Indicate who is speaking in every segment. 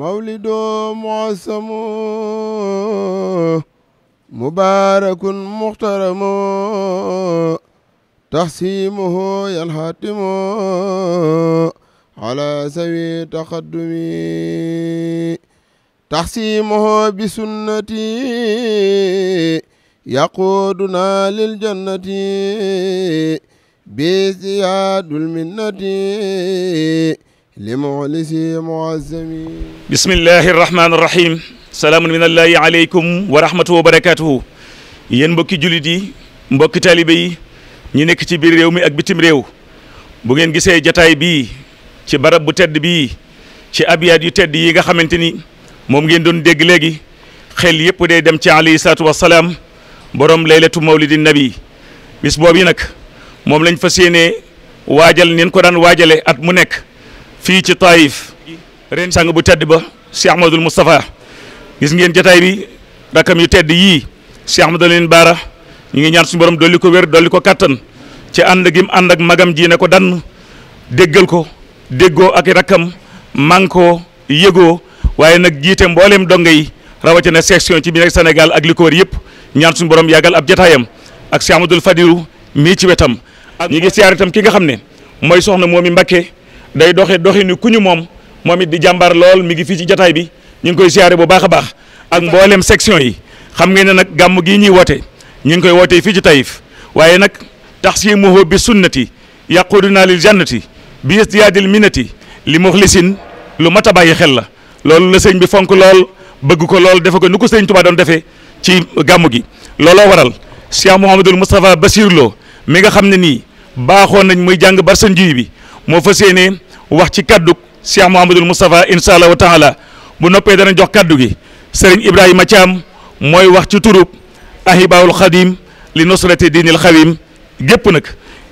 Speaker 1: مولد معصم مبارك محترم تحسيمه ينحتم على سوي تقدم تحسيمه بسنتي يقودنا للجنة بزياد المنة لمعلسي معزمي بسم الله الرحمن الرحيم
Speaker 2: salaam min allahi aleykum wa rahmatu wa yéen mbokki jullit yi mbokki taalibe yi ñu nekk ci biir réew mi ak bitim réew bu ngeen gisee jataay bii ci barab bu tedd bi ci abiyaat yu tedd yi nga xamante ni moom ngeen doon dégg léegi xel yëpp day dem ci alayhi salaatu wasalaam borom laylatu mawlidi nabi bis yi nag moom lañ fa yéenee waajal neen ko daan waajale at mu nekk fii ci Taïf reen sang bu tedd ba Cheikh Ahmadul gis ngeen jotaay bi rakam yu tedd yii Cheikh Ahmadou leen baara ñu ngi ñaan suñu borom dolli ko wér dolli ko kattan ci ànd gi mu ànd ak magam ji ne ko dann déggal ko déggoo ak rakkam mànkoo yëgoo waaye nag jiite mbooleem donga yi rawatina section ci bi nekk Sénégal ak li ko wër yëpp ñaan suñu borom yàggal ab jotaayam ak Cheikh Ahmadul Fadilu mii ci wetam. ñu ngi siyaar itam ki nga xam ne mooy soxna moomi Mbakke day doxe doxinu ku ñu moom moom it di jàmbaar lool mi ngi fii ci jataay bi ñu ngi koy siyaare bu baax a baax ak mboolem section yi xam ngeen ne nag gàmm gii ñuy woote ñu ngi koy wootee fii ci Taïf waaye nag tax si taxsimuhu bi sunnati yaquduna lil jannati bi istiyaadil minati li muxlisin lu mat a bàyyi xel la loolu la sëñ bi fonk lool bëgg ko lool defe ko nu ko sëñ Tuubaa doon defee ci gàmm gi looloo waral Cheikh Mouhamadul Moustapha Basir Lo mi nga xam ne nii baaxoon nañ muy jàng barsanji bi moo fas yéene wax ci kaddu Cheikh Mouhamadul Moustapha incha allah wa taala bu noppee dana jox kaddu gi sëriñ Ibrahima Thiam mooy wax ci turub ahibaawul xadim li nusrati diinil xawim gépp nag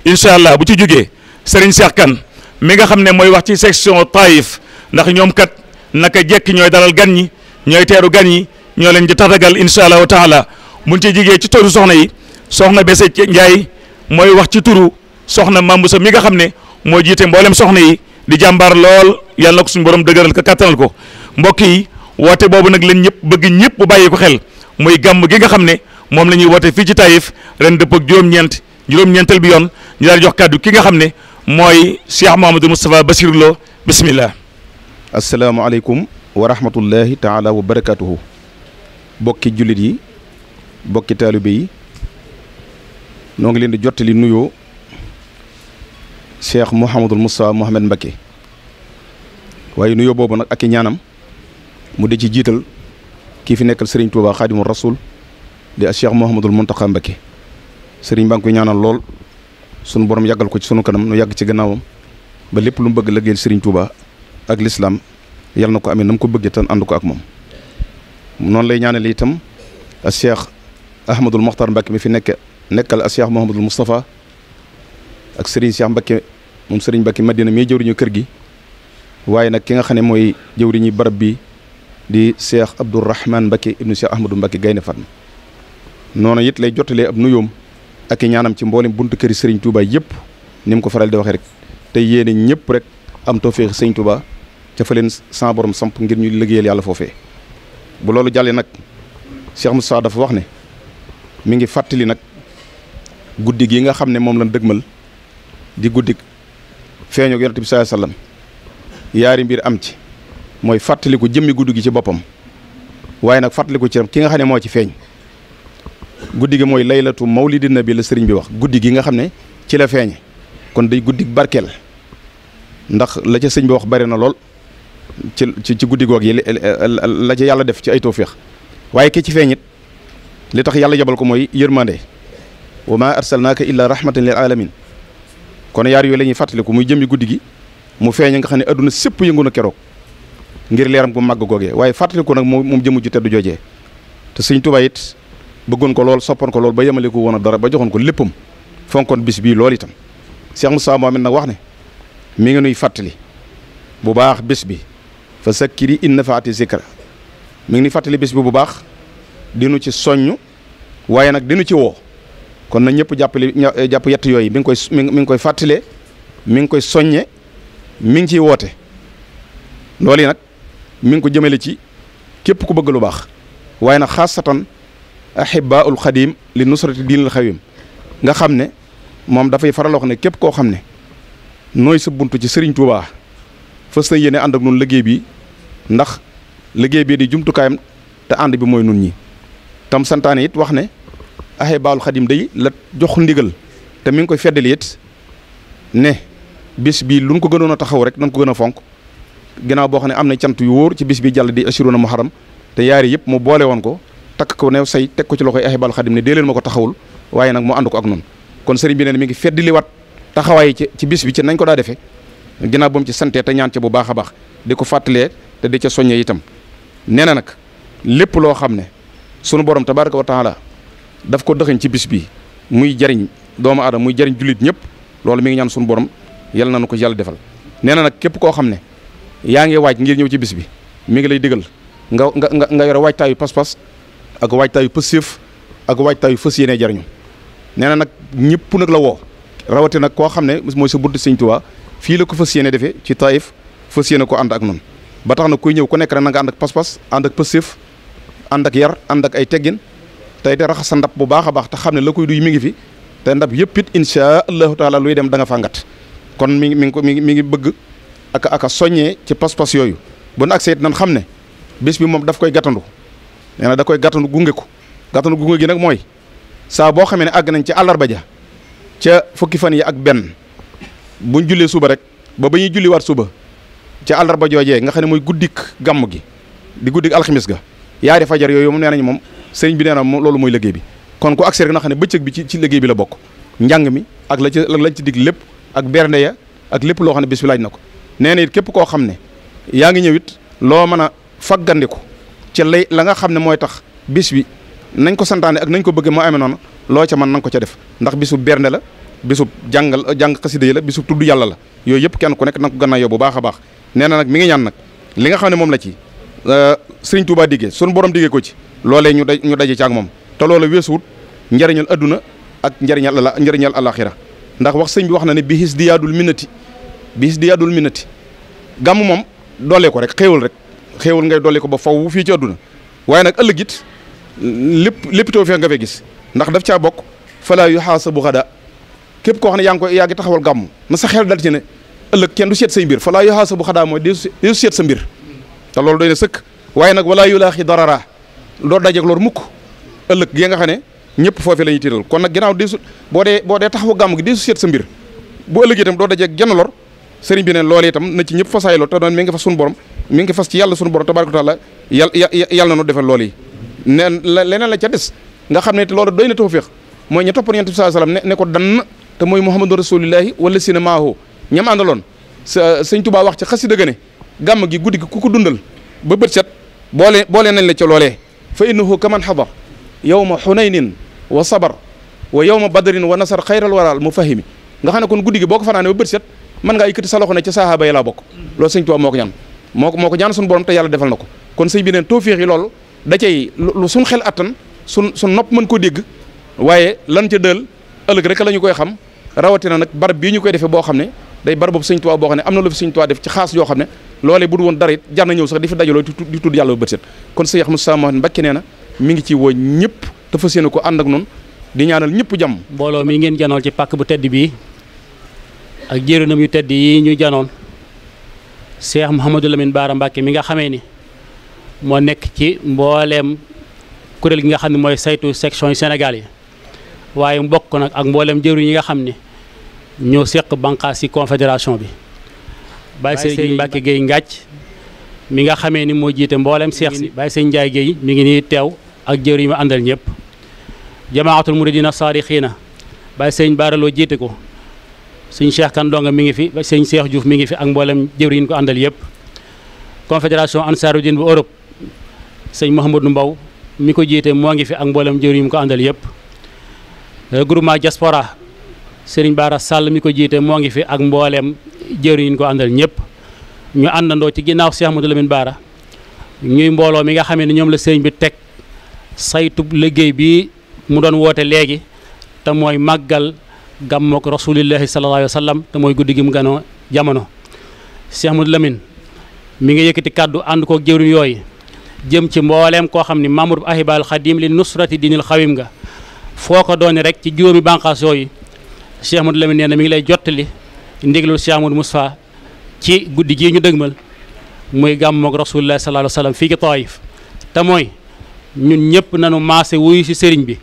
Speaker 2: incha allah bu ci jógee sëriñ Cheikh Kane mi nga xam ne mooy wax ci section Taïf ndax ñoom kat naka jekk ñooy dalal gan ñi ñooy teeru gan ñi ñoo leen di tatagal incha allah wa taala buñ ci jigee ci turu soxna yi soxna Bese Ndiaye mooy wax ci turu soxna Mambousa mi nga xam ne. mooy jiite mboolem soxna yi di jàmbaar lool yàlla ko suñu borom dëgëral ko kàttanal ko mbokk yi woote boobu nag leen ñëpp bëgg ñëpp bàyyi ko xel mooy gàmm gi nga xam ne moom lañuy ñuy fii ci Taïf ren dëpp ak juróom-ñeent juróom-ñeenteel bi yoon ñu daal jox kàddu ki nga xam ne mooy Cheikh Mouhamadou Moustapha Bassirou
Speaker 1: Lo bismillah. asalaamaaleykum wa rahmatullahi taala wa barakaatuhu. bokki jullit yi bokki taalibe yi noo ngi leen di jottali nuyoo cheikh Mouhamadul Moustapha Mouhamed Mbacké waaye nuyoo boobu nag ak i ñaanam mu di ci jiital kii fi nekkal Serigne Touba Khadimou Rasoul di ak cheikh Mouhamadul Mountakha Mbacké Serigne baa ngi koy ñaanal lool sunu borom yàggal ko ci sunu kanam nu yàgg ci gannaawam ba lépp lu mu bëgg lëggeel Serigne Touba ak lislaam yal na ko amee na mu ko bëggee tan ànd ko ak moom noonu lay ñaanal itam ak cheikh Ahmadul Mokhtar Mbacké mi fi nekk nekkal ak cheikh Mouhamadul Moustapha. ak sëriñ Cheikh Mbacké moom sëriñ Mbacké Madina mii jëwriñu kër gi waaye nag ki nga xam ne mooy jëwriñu barab bi di Cheikh Abdourahman Mbacké ibnu Cheikh Ahmadou Mbacké Gaynde Fatma noonu it lay jottalee ab nuyoom ak i ñaanam ci mboolem buntu këri sëriñ Touba yëpp ni mu ko faral di waxee rek te yéene ñëpp rek am tawfeex sëriñ Touba ca fa leen borom samp ngir ñu liggéeyal yàlla foofee bu loolu jàllee nag mu Moussa dafa wax ne mi ngi fàttali nag guddi gi nga xam ne moom lañ dëgmal di guddik feeñu yonent bi saa yaari mbir am ci mooy fàttaliku jëmmi guddi gi ci boppam waaye nag fàttaliku ci ki nga xam ne moo ci feeñ guddi gi mooy laylatu maw mawlidin nabi la sëriñ bi wax guddi gi nga xam ne ci la feeñe kon day guddi barkeel ndax la ca sëñ bi wax bari na lool ci ci guddi goog yi la ca yàlla def ci ay tawféex waaye ki ci feeñ li tax yàlla jabal ko mooy yërmande wa ma arsalnaaka illa rahmatan lil alamin kon yaar yooyu la ñuy fàttaliku muy jëmmi guddi gi mu feeñ nga xam ne adduna sépp yëngu na keroog ngir leeram bu màgg googee waaye fàttaliku nag moom jëmu ju teddu joojee te sëñ Tuubaa it bëggoon ko lool soppoon ko lool ba yemale ko woon a dara ba joxoon ko léppam fonkoon bis bii lool itam Cheikh Moussa Mohamed nag wax ne mi ngi nuy fàttali bu baax bis bi fa sakkiri in nafaati zikra mi ngi nuy fàttali bis bi bu baax dinu ci soññ waaye nag dinu ci woo kon na ñëpp jàppale eh, jàpp yett yooyu mi ngi koy mi ngi koy fàttalee mi ngi koy soññe mi ngi ciy woote loolu yi nag mi ngi ko jëmale ci képp ku bëgg lu baax waaye na nag xaasatan ahibaul xadim li nusrati diinil xawim nga xam ne moom dafay faral ne képp koo xam ne nooy sa bunt ci sëriñ Touba fas na yéene ànd ak nun liggéey bi ndax liggéey bii di jumtukaayam te ànd bi mooy nun ñi tam santaane it wax ne Ahibahil Khadim day la jox ndigal te mi ngi koy feddali it ne bi lu ñu ko gënoon a taxaw rek nañ ko gën a fonk ginnaaw boo xam ne am na cant yu wóor ci bis bi jàll di asiruna muharam te yaari yëpp mu boole ko takk ko new say teg ko ci loxoy Ahibahil Khadim ne dee ma ko taxawul waaye nag mu ànd ko ak noonu kon sëriñ bi ne mi ngi feddaliwaat taxawaay ci ci bis bi ci nañ ko daa defee ginnaaw ba ci santee te ñaan bu baax a baax di ko fàttalee te di ca soññee itam nee na nag lépp loo xam ne sunu borom tabaraka wa la daf ko dëxañ ci bis bi muy jariñ doomu aadama muy jariñ jullit ñëpp loolu mi ngi ñaan suñu borom yal na ko yàlla defal nee na nag képp koo xam ne yaa ngi waaj ngir ñëw ci bis bi mi ngi lay dégal nga nga nga nga yore waajtaayu pas-pas ak waajtaayu pësséef ak waajtaayu fës yéene jariñu nee na nag ñëpp nag la woo rawati koo xam ne mooy sa bunt Sëñ waa fii la ko fës yéene defee ci Taïf fës yéene ko ànd ak noonu ba tax na kuy ñëw ku nekk rek na nga ànd ak pas-pas ànd ak pësséef ànd ak yar ànd ak ay teggin tey te raxas sa ndab bu baax a baax te xam ne la koy duy mi ngi fi te ndab yëpp it insha allahu taala luy dem da nga fàngat kon mi ngi mi ngi ko mi ngi mi ngi bëgg ak aka a soññee ci pas-pas yooyu bu nu agsee it nan xam ne bis bi moom daf koy gàttandu nee da koy gàttandu gunge ko gàttandu gunge gi nag mooy saa boo xamee ne àgg nañ ci àllarba ja ca fukki fan yi ak benn buñ jullee suba rek ba ba ñuy julliwaat suba ci àllarba joojee nga xam ne mooy guddik gàmm gi di guddik alxamis ga yaari fajar yooyu moom nee nañ moom sëriñ bi nee na loolu mooy liggéey bi kon ku agsi na xam ne bëccëg bi ci ci liggéey bi la bokk njàng mi ak la ci lañ ci digg lépp ak bernde ya ak lépp loo xam ne bis laaj na ko nee na képp koo xam ne yaa ngi ñëw it loo mën a faggandiku ci lay la nga xam ne mooy tax bis bi nañ ko santaane ak nañ ko bëgg moo amee noonu loo ca man nanga ko ca def ndax bisu bernde la bisub jàngal jàng xasida yi la bisu tudd yàlla la yooyu yëpp kenn ku nekk na ko gannaaw yow bu baax a baax nee na nag mi ngi ñaan nag li nga xam ne moom la ci sëriñ Touba diggee sun borom diggee ko ci loole ñu daj ñu daje ci ak moom te loola weesuwut njariñal adduna ak njariñal ala njariñal alaxira ndax wax sëñ bi wax na ne bihis di yaadul minati bihis di yaadul minati gàmm moom doolee ko rek xéewal rek xéewal ngay doole ko ba faw fii ci adduna waaye nag ëllëg it lépp lépp too feex nga fee gis ndax daf caa bokk falaa yu xaasabu xada képp koo xam ne yaa ngi koy yaa ngi taxawal gàmm na sa xel dal ci ne ëllëg kenn du seet say mbir falaa yu xaasabu xadaa mooy dee su seet sa mbir te loolu doy na sëkk waaye nag walaa yulaaxi darara doo dajeeg loolu mukk ëllëg gi nga xam ne ñëpp foofee la ñuy tiital kon nag ginnaaw deesu boo dee boo dee taxawu gàmm gi deesu seet sa mbir bu ëllëgee itam doo dajeeg genn lor sëriñ bi ne loolu itam na ci ñëpp fasaay lool te doon mi ngi fas suñu borom mi ngi fas ci yàlla suñu borom tabaaraka taala yàlla yàlla na nu defal loolu yi leneen la ca des nga xam ne te loolu doy na tawfiix mooy ña toppoon yonent bi sallallahu alayhi wasallam ne ko dann te mooy muhammadu rasulillahi wala sina maahu ñam àndaloon sa sëñ tubaa wax ci xasida ga ne gàmm gi guddi gi ku ko dundal ba bët set boole boole nañ la ca loolee fa innahu kaman xadar yawma xunaynin wa sabar wa yawma badrin wa nasar xayral waral mu fahimi nga xam ne kon guddi gi boo ko fanaane ba bët set mën ngaa yëkkati sa loxo ne ca sahaaba yi laa bokk loolu sëñ Tuubaa moo ko ñaan moo ko moo ko ñaan suñu borom te yàlla defal na ko kon sëñ bi neen tawféex yi loolu da cay lu suñ xel attan sun suñ nopp mën koo dégg waaye lan ca dël ëllëg rek la ñu koy xam rawatina nag barab bii ñu koy defee boo xam ne day barab boobu sëñ boo xam ne am na lu fi sëñ Tuubaa def yoo xam ne loolee bu du woon dara it jar na ñëw sax di fi dajaloo di tudd yàlla ba bët set kon sëñ Ahmadou Samad Mbacké nee na mi ngi ci woo ñëpp te fas ko ànd ak noonu di ñaanal ñëpp jam mbooloo mi
Speaker 3: ngeen janoon ci pàkk bu tedd bii ak jërinam yu tedd yi ñu janoon Cheikh Mouhamadou Lamine Bara Mbacké mi nga xamee ni moo nekk ci mbooleem kuréel gi nga xam ne mooy saytu section yi Sénégal yi waaye mbokk nag ak mbooleem jëru yi nga xam ni ñoo seq banqaas ci confédération bi. Baye Serigne Mbacke Gueye Ngathie mi nga xamee ni moo jiite mboolem seex si Baye Serigne Ndiaye Gueye mi ngi nii teew ak jëwri yi mu àndal ñëpp saari muridina saadixiina Baye Serigne Baaraloo jiite ko suñ Cheikh Kan Donga mi ngi fi Baye Serigne Cheikh mi ngi fi ak mboolem jëwri ko àndal yëpp confédération Ansaarudin bu Europe sëñ Mouhamadou Mbow mi ko jiite moo ngi fi ak mboolem jëwri yi mu ko àndal yëpp groupement diaspora Serigne Bara Sall mi ko jiite moo ngi fi ak mboolem jëru yi ñu ko àndal ñëpp ñu àndandoo ci ginnaaw Cheikh Amadou Lamine Baara ñuy mbooloo mi nga xame ne ñoom la sëriñ bi teg saytu liggéey bi mu doon woote léegi te mooy màggal gàmmook rasulillahi sallallahu alayhi wa sallam te mooy guddi gi mu ganoo jamono Cheikh Amadou Lamine mi ngi yëkkati kàddu ànd kook jëwriñ yooyu jëm ci mbooleem koo xam ne membre ahibal xadim li nusrati dinil xawim nga foo ko doone rek ci juróomi bànqaas yooyu Cheikh Amadou Lamine nee na mi ngi lay jottali ndigalul Cheikh Amadou Moustapha ci guddi gii ñu dëgmal muy gàmmoog rasulullah sallallahu alayhi wa sallam fii ci Taif te mooy ñun ñëpp nañu maase wuyu si sëriñ bi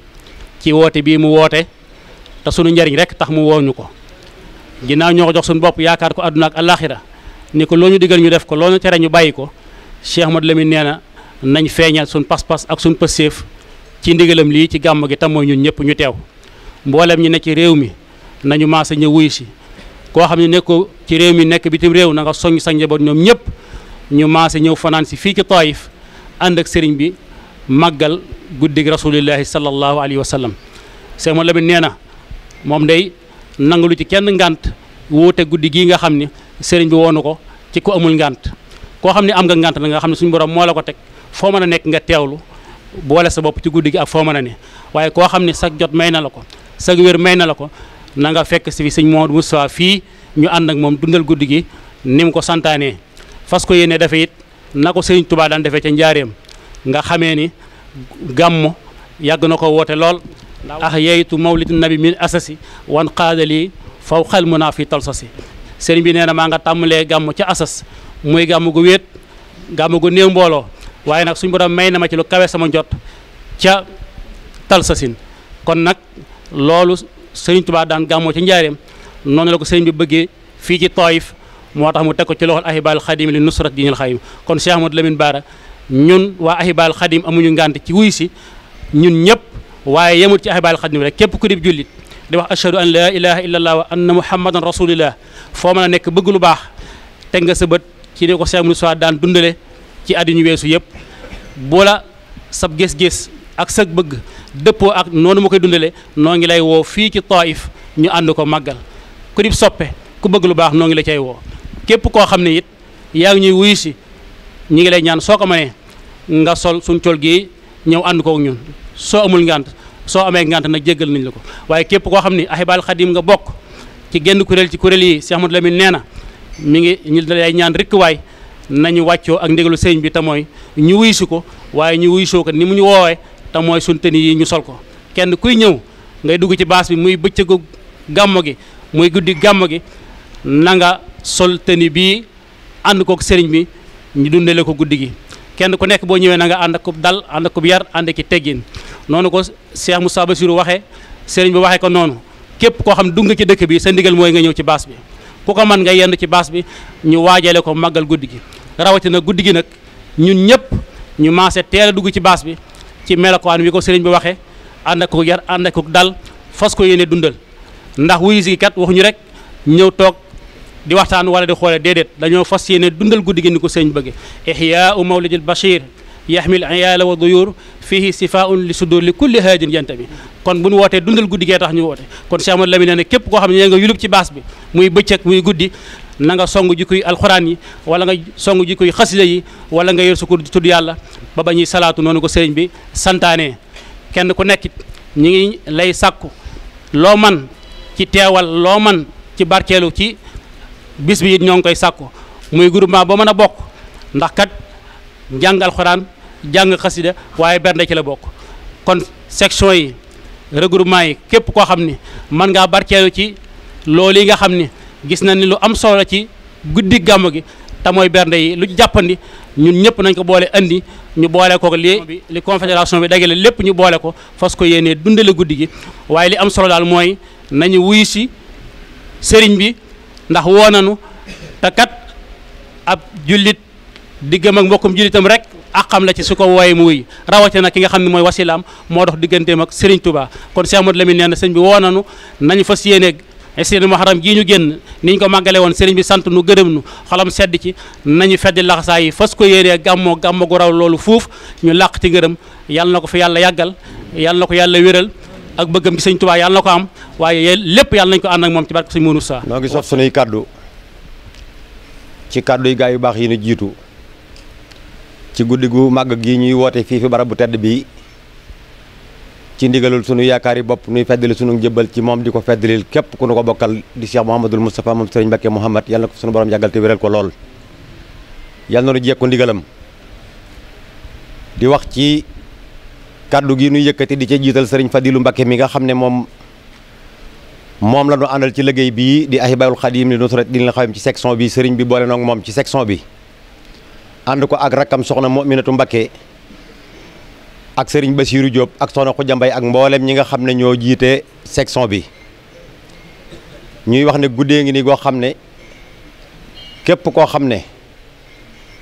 Speaker 3: ci woote bii mu woote te sunu njariñ rek tax mu woo ko ginnaaw ñoo ko jox suñu bopp yaakaar ko àdduna ak àllaaxira ni ko loo ñu digal ñu def ko loo ñu tere ñu bàyyi ko Cheikh Ahmadou Lamine nee na nañ feeñal suñ pas-pas ak suñ pësseef ci ndigalam lii ci gàmm gi tam mooy ñun ñëpp ñu teew mboolem ñi ne ci réew mi nañu maase ña wuyu si koo xam ne nekkoo ci réew mi nekk bitim réew na nga soññ sa njaboot ñoom ñëpp ñu maase ñëw fanaan si fii ci Taif ànd ak sëriñ bi màggal guddig rasulillahi sallallahu alayhi wa sallam Seex Mouhamed Lamine nee na moom day nangalu ci kenn ngànt wuute guddi gii nga xam ni sëriñ bi woonu ko ci ko amul ngànt koo xam ne am nga ngànt na nga xam ne suñ borom moo la ko teg foo mën a nekk nga teewlu boole sa bopp ci guddi gi ak foo mën a ne waaye koo xam ni sag jot may na la ko sa wér may na la ko na nga fekk si fi sëñ Mouhamadou Moustapha fii ñu ànd ak moom dundal guddi gi ni mu ko santaanee fas ko yéene dafa it na ko sëriñ Touba daan defee ca njaareem nga xamee ni gàmm yàgg na ko woote lool ax ah yeytu mawlid bi mi asasi wan xaadalii faw xel mun naa fi talsasi sëriñ bi nee na maa nga tàmmalee gàmm ca asas muy gàmm gu wéet gàmm gu néew mbooloo waaye nag suñ borom may na ma ci lu kawe sama njot ca talsasin kon nag loolu sëriñ Tuubaa daan gàmmoo ci njaareem noonu la ko sëriñ bi bëggee fii ci Taif moo tax mu teg ko ci loxol Ahibahil Khadim li nusrat diinil Xadim kon Cheikh Ahmadou Lamine Bara waa Ahibahil Khadim amuñu ci wuy si ñun ñëpp waaye yemut ci Ahibahil rek képp ku dib jullit di wax ashhadu an laa foo mën nekk bëgg baax teg nga sa bët ci ne ko Cheikh Moussa daan dundale ci àddina weesu yëpp boola sab gis-gis ak sa bëgg dëppoo ak noonu ma koy dundale noo ngi lay woo fii ci Taif ñu ànd ko màggal ku di soppe ku bëgg lu baax noo ngi la cay woo képp koo xam ne it yaa ngi ñuy wuyu si ñu ngi lay ñaan soo ko mënee nga sol suñ col gii ñëw ànd ko ak ñun soo amul ngant soo amee ngant na jéggal nañ la ko waaye képp koo xam ne Ahibahil Khadim nga bokk ci genn kuréel ci kuréel yi Cheikh Ahmadou Lamine nee na mu ngi ñu lay ñaan rikk waay nañu wàccoo ak ndigalu sëñ bi te mooy ñu wuyu si ko waaye ñu wuyu soo ko ni mu ñu woowee te mooy suñ tenue yi ñu sol ko kenn kuy ñëw ngay dugg ci baas bi muy bëccëgu gàmmo gi muy guddi gàmmo gi na nga sol tenue bii ànd kook sëriñ bi ñu dundale ko guddi gi kenn ku nekk boo ñëwee na nga ànd ak dal ànd ak yar ànd ki teggin noonu ko mu Moussa Bassirou waxee sëriñ bi waxee ko noonu képp koo xam dugg nga ci dëkk bi sa ndigal mooy nga ñëw ci baas bi ku ko mën nga yendu ci baas bi ñu waajale ko màggal guddi gi rawatina guddi gi nag ñun ñëpp ñu maase ci baas bi ci melokaan wi ko sëriñ bi waxee ànd ak ko yar ànd ak dal fas ko yéene dundal ndax wuyu si kat waxuñu rek ñëw toog di waxtaan wala di xoole déedéet dañoo fas yéene dundal guddi gi ni ko sëriñ bëgge ixyaau mawlidil bachir yaxmil ayaala wa duyur fihi sifaun li sudur li kulli haajin yanta bi kon bu nu wootee dundal guddi gee tax ñu woote kon Cheikh Amadou Lamine nee na képp koo xam ne nga yulub ci baas bi muy bëccëg muy guddi na nga song jikkoy alxuraan yi wala nga song jikkoy xasida yi wala nga yor sukkur di tudd yàlla ba ba ñuy salaatu noonu ko sëriñ bi santaane kenn ku nekkit ñi ngi lay sàkku loo man ci teewal loo man ci barkeelu ci bis bi it ñoo ngi koy sàkku muy groupement ba mën a bokk ndax kat jàng alxuraan jàng xasida waaye bernde ci la bokk kon section yi regroupement yi képp koo xam ni mën ngaa barkeelu ci loolu yi nga xam ni gis na ni lu am solo ci guddi gàmm gi te mooy bernde yi lu jàppandi ñun ñëpp nañ ko boole indi ñu boole ko li li confédération bi dagale lépp ñu boole ko fas ko yéenee dundale guddi gi waaye li am solo daal mooy nañu wuyu si sëriñ bi ndax woo nañu te kat ab jullit diggam ak mbokkum jullitam rek xam la ci su ko wooyee mu wuy rawatina ki nga xam ne mooy wasilaam moo dox digganteem ak sëriñ Touba kon Cheikh Modou Lamine nee na sëñ bi woo nañu nañu fas yéenee. seen muharam ji ñu génn niñ ko màggale woon sëriñ bi sant nu gërëm nu xolam sedd ci nañu feddi laxasaa yi fas ko yéenee gàmmoo gàmmo gu raw loolu fuuf ñu làq ci ngërëm yàlla na ko fi yàlla yàggal yàlla na ko yàlla wéral ak bëggam gi sëñ Tuubaa yàlla na ko am waaye
Speaker 4: lépp yàlla nañ ko ànd ak moom ci barke sëñ Mourou saa noo ngi sof sunuy kàddu ci kàddu yu gaa yu baax yi ñu jiitu ci guddi gu màgg gi ñuy woote fii fi barab bu tedd bii ci ndigalul sunu yaakaar yi bopp nuy feddali sunu njëbbal ci moom di ko feddalil képp ku nu ko bokkal di Cheikh Mouhamadul Moustapha moom Serigne Mbacké Mouhamad yàlla na ko sunu borom yàggal wéral ko lool yàlla na nu jekku ndigalam di wax ci kàddu gi nuy yëkkati di ca jiital sëriñ Fadilou Mbacké mi nga xam ne moom moom la ñu àndal ci liggéey bii di Ahibahil Khadim li nusrat din la xawam ci section bi Serigne bi boole noog moom ci section bi ànd ko ak rakkam soxna Mominatou Mbacké ak sëriñ ba Bassirou jóob ak Soxna Khoudia Mbaye ak mboolem ñi nga xam ne ñoo jiite section bi ñuy wax ne guddee ngi ni goo xam ne képp koo xam ne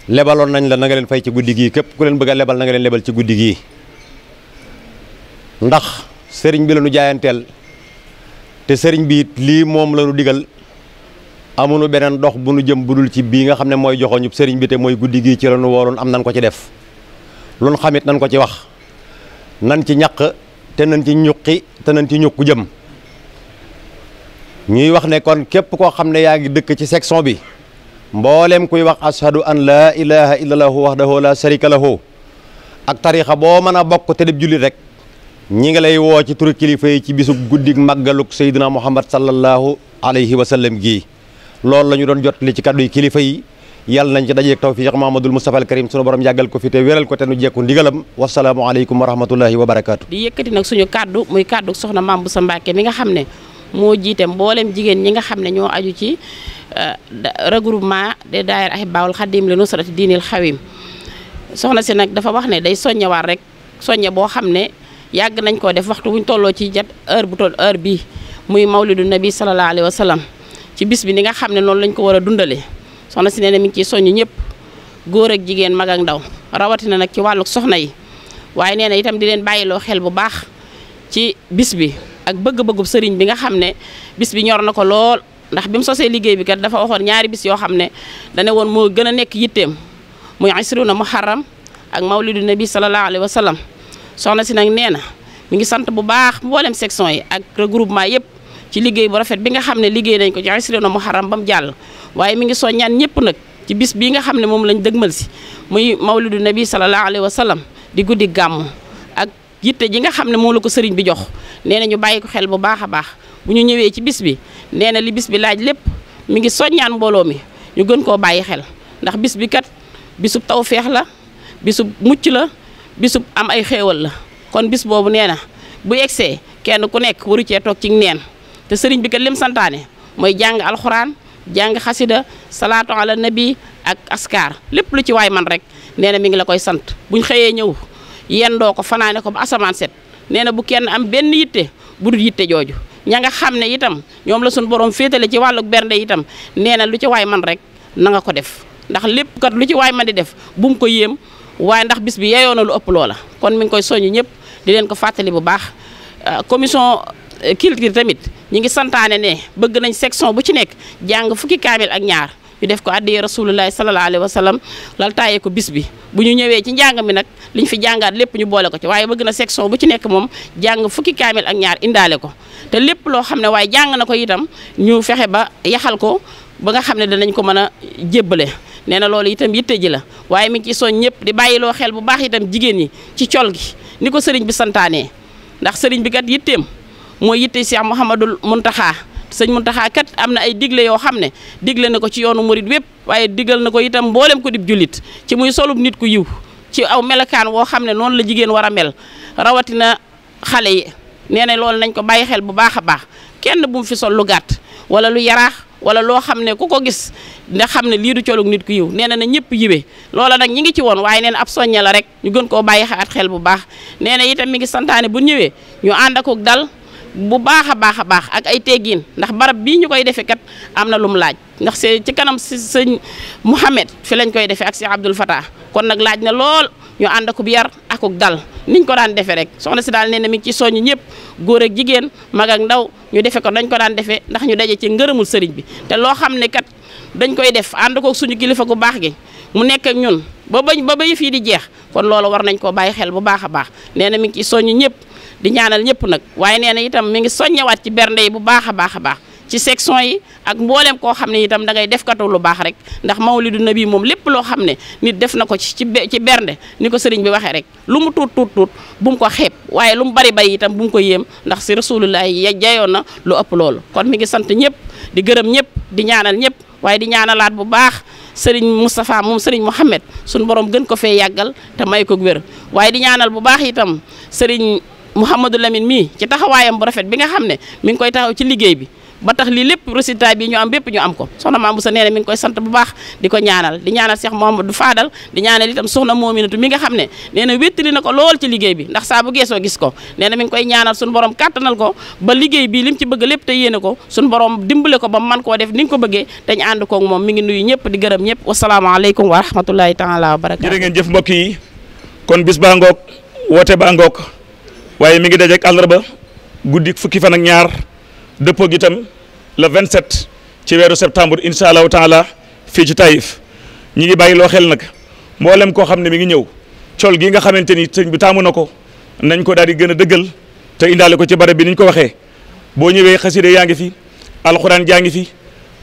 Speaker 4: lebaloon nañ la na leen fay ci guddi gii képp ku leen bëgg a lebal na leen lebal ci guddi gii ndax sëriñ bi la ñu jaayanteel te sëriñ bi lii moom la ñu digal amuñu beneen dox bu nu jëm budul ci bii nga xam ne mooy joxoñu sëriñ bi te mooy guddi gii ci la ñu wooroon am nañ ko ci def lu xamit nañ ko ci wax nan ci ñaq te nan ci ñuqi te nan ci ñuq jëm ñuy wax ne kon képp koo xam ne yaa ngi dëkk ci section bi mbooleem kuy wax ashadu an laa ilaha illallahu wahdahu la sharika lahu ak tarixa boo mën a bokk te dib jullit rek ñi ngi lay woo ci turu kilifa yi ci bisu guddig màggaluk sayyidina muhammad sallallahu alayhi wa sallam gii loolu la doon jot li ci kàddu kilifa yi yàlla nañ ci dajeeg tawfiq Mahamadul Mustafa al Karim sunu borom yàggal ko fi te wéral ko te nu jekku ndigalam wasalaamaaleykum wa rahmatullahi wa barakaatu.
Speaker 5: di yëkkati nag suñu kaddu muy kaddu soxna Mame Bousso Mbacke mi nga xam ne moo jiite mboolem jigéen ñi nga xam ne ñoo aju ci euh, regroupement des daayira Ahibahil Khadim li nusrati diinil xawim soxna si nag dafa wax ne day soññewaat rek soññe boo xam ne yàgg nañ ko def waxtu buñ tolloo ci jat heur bu toll heure bii muy mawlidu nabi sallallahu alayhi wa sallam ci bis bi ni nga xam ne noonu lañ ko war a dundalee. soxna si nee mi ngi ciy soññ ñëpp góor ak jigéen mag ak ndaw rawatina nag ci wàllu soxna yi waaye nee na itam di leen bàyyiloo xel bu baax ci bis bi ak bëgg-bëggub sëriñ bi nga xam ne bis bi ñor na ko lool ndax bi mu sosee liggéey bi kat dafa waxoon ñaari bis yoo xam ne dana woon moo gën a nekk yitteem muy asruna xaram ak mawlidu nabi sallallahu alayhi wa sallam soxna si nag nee na mi ngi sant bu baax mboolem section yi ak regroupement yëpp ci liggéey bu rafet bi nga xam ne liggéey nañ ko ci asrina muharram ba mu jàll waaye mi ngi soññaan ñëpp nag ci bis bii nga xam ne moom lañ dëgmal si muy mawlidu nabi sallallahu alayhi wa sallam di guddi gàmm ak yitte ji nga xam ne moom la ko sëriñ bi jox nee na ñu bàyyi ko xel bu baax a baax bu ñu ñëwee ci bis bi nee na li bis bi laaj lépp mi ngi soññaan mbooloo mi ñu gën koo bàyyi xel ndax bis bi kat bisub tawféex la bisub mucc la bisub am ay xéewal la kon bis boobu nee na bu egsee kenn ku nekk waru cee toog ci neen te sëriñ bi kat lim santaane mooy jàng alxuraan jàng xasida salaatu ala nabi ak askar lépp lu ci waay man rek nee na mi ngi la koy sant buñ xëyee ñëw yenn doo ko fanaane ko ba asamaan set nee na bu kenn am benn yitte bu dul yitte jooju ña nga xam ne itam ñoom la suñu boroom féetale ci wàllu bernde itam nee na lu ci waay man rek na nga ko def ndax lépp kat lu ci waay man di def bu ko yéem waaye ndax bis bi yeyoo na lu ëpp loola kon mi ngi koy soññu ñëpp di leen ko fàttali bu baax euh, culture tamit ñi ngi santaane ne bëgg nañ section bu ci nekk jàng fukki kaamil ak ñaar ñu def ko addiyee rasulullahi sallallahu alayhi wa sallam lal taayee ko bis bi bu ñu ñëwee ci njàng mi nag liñ fi jàngaat lépp ñu boole ko ci waaye bëgg na section bu ci nekk moom jàng fukki kaamil ak ñaar indaale ko te lépp loo xam ne waaye jàng na ko itam ñu fexe ba yaxal ko ba nga xam ne danañ ko mën a jébbale nee na loolu itam yitte ji la waaye mi ngi ci soñ ñëpp di bàyyiloo xel bu baax itam jigéen ñi ci col gi ni ko sëriñ bi santaanee ndax sëriñ bi kat yitteem mooy yitte Cheikh Mouhamadul Mountakha sëñ Mountakha kat am na ay digle yoo xam ne digle na ko ci yoonu murit wépp waaye digal na ko itam mboolem ko dib jullit ci muy solub nit ku yiw ci aw melokaan woo xam ne noonu la jigéen war a mel rawatina xale yi nee na loolu nañ ko bàyyi xel bu baax a baax kenn bu mu fi sol lu gàtt wala lu yaraax wala loo xam ne ku ko gis nga xam ne lii du colug nit ku yiw nee na na ñëpp yiwee loola nag ñi ngi ci woon waaye neen ab soññe rek ñu gën koo bàyyi xaat xel bu baax nee na itam mi ngi santaane bu ñëwee ñu ànd ak dal bu baax a baax a baax ak ay teggiin ndax barab bii ñu koy defee kat am na lu mu laaj ndax see ci kanam si sëñ Mouhamed fi lañ koy defee ak si Abdul Fatah kon nag laaj na lool ñu ànd ak yar ak dal niñ ko daan defee rek soxna si daal nee na mi ngi ci soññ ñëpp góor ak jigéen mag ak ndaw ñu defee ko dañ ko daan defee ndax ñu daje ci ngërëmul sëriñ bi te loo xam ne kat dañ koy def ànd kook suñu kilifa gu baax gi mu nekk ak ñun ba ba ba yëf yi di jeex kon loolu war nañ koo bàyyi xel bu baax a baax nee na mi ngi ci soññ ñëpp. di ñaanal ñëpp nag waaye nee na itam mi ngi soññawaat ci bernde yi bu baax a baax a baax ci section yi ak mboolem koo xam ne itam da ngay def katu lu baax rek ndax mawlidu nabi moom lépp loo xam ne nit def na ko ci ci ci bernde ni ko sëriñ bi waxee rek lu mu tuut tuut tuut bu mu ko xeeb waaye lu mu bari bari itam bu mu ko yem ndax si rasulullah ya jayoon na lu ëpp loolu kon mi ngi sant ñëpp di gërëm ñëpp di ñaanal ñëpp waaye di ñaanalaat bu baax sëriñ Moustapha moom sëriñ Mouhamed suñu borom gën ko fee yàggal te may ko wér Mouhamadou Lamine mii ci taxawaayam bu rafet bi nga xam ne mi ngi koy taxaw ci liggéey bi ba tax lii lépp résultat bi ñu am bépp ñu am ko soxna Mame Bousso nee na mi ngi koy sant bu baax di ko ñaanal di ñaanal Cheikh Mouhamadou Fadal di ñaanal itam soxna Mominatu mi nga xam ne nee na wéttali na ko lool ci liggéey bi ndax saa bu geesoo gis ko nee na mi ngi koy ñaanal suñu borom kàttanal ko ba liggéey bi lim ci bëgg lépp te yéene ko suñu borom dimbale ko ba man koo def ni ko bëggee te ñu moom mi ngi nuyu ñëpp di gërëm ñëpp wasalaamaaleykum wa rahmatullahi taala wa barakatu jërë ngeen jëf mbokk yi kon bis baa woote
Speaker 2: baa ngoog waaye mi ngi dajeeg àllarba guddi fukki fan ak ñaar dëppoo gi itam le 27 ci weeru septembre incha allahu taala fii ci Taïf ñi ngi bàyyi loo xel nag mboolem koo xam ne mi ngi ñëw col gi nga xamante ni sëñ bi taamu na ko nañ ko daal di gën a dëggal te indaale ko ci bare bi niñ ko waxee boo ñëwee xasida yaa ngi fi alxuraan jaa ngi fi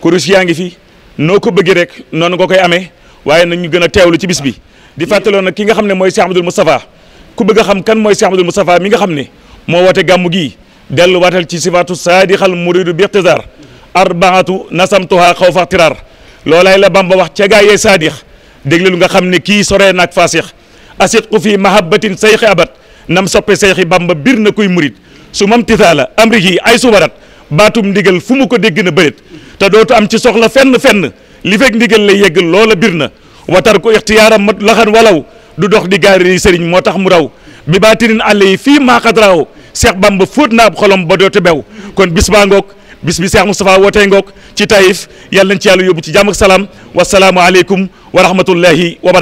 Speaker 2: kurus yaa ngi fi noo ko bëggee rek noonu nga koy amee waaye nañ ñu gën a teewlu ci bis bi di fàttaloo nag ki nga xam ne mooy Cheikh Abdoul Moustapha ku bëgg a xam kan mooy Cheikh Ahmadou Moustapha mi nga xam ne moo woote gàmmu gii delluwaatal ci sifaatu saadixal muridu bi ixtisaar arbaatu nasamtuha xaw fa tiraar loolaay la Bamba wax ca gaa yee saadix déglu lu nga xam ne kii soree naag faasix asiqu fi mahabbatin sayxi abat nam soppe sayxi Bamba bir na kuy murid su mam am amriki ay subarat baatum ndigal fu mu ko dégg na bërit te dootu am ci soxla fenn fenn li fekk ndigal lay yegg loola bir na watar ko ixtiyaaram mat laxan walaw du dox di gaari sëriñ moo tax mu raw bi baatinin àll yi fii maaxadraaw seex bamba fóot naab xolom boo doote bew kon bis baa ngoog bis bi seex Moustapha wootee ngoog ci Taïf yàlla nañ ci yàlla yóbbu ci jàmm ak salaam wasalaamu aleykum wa rahmatullahi wa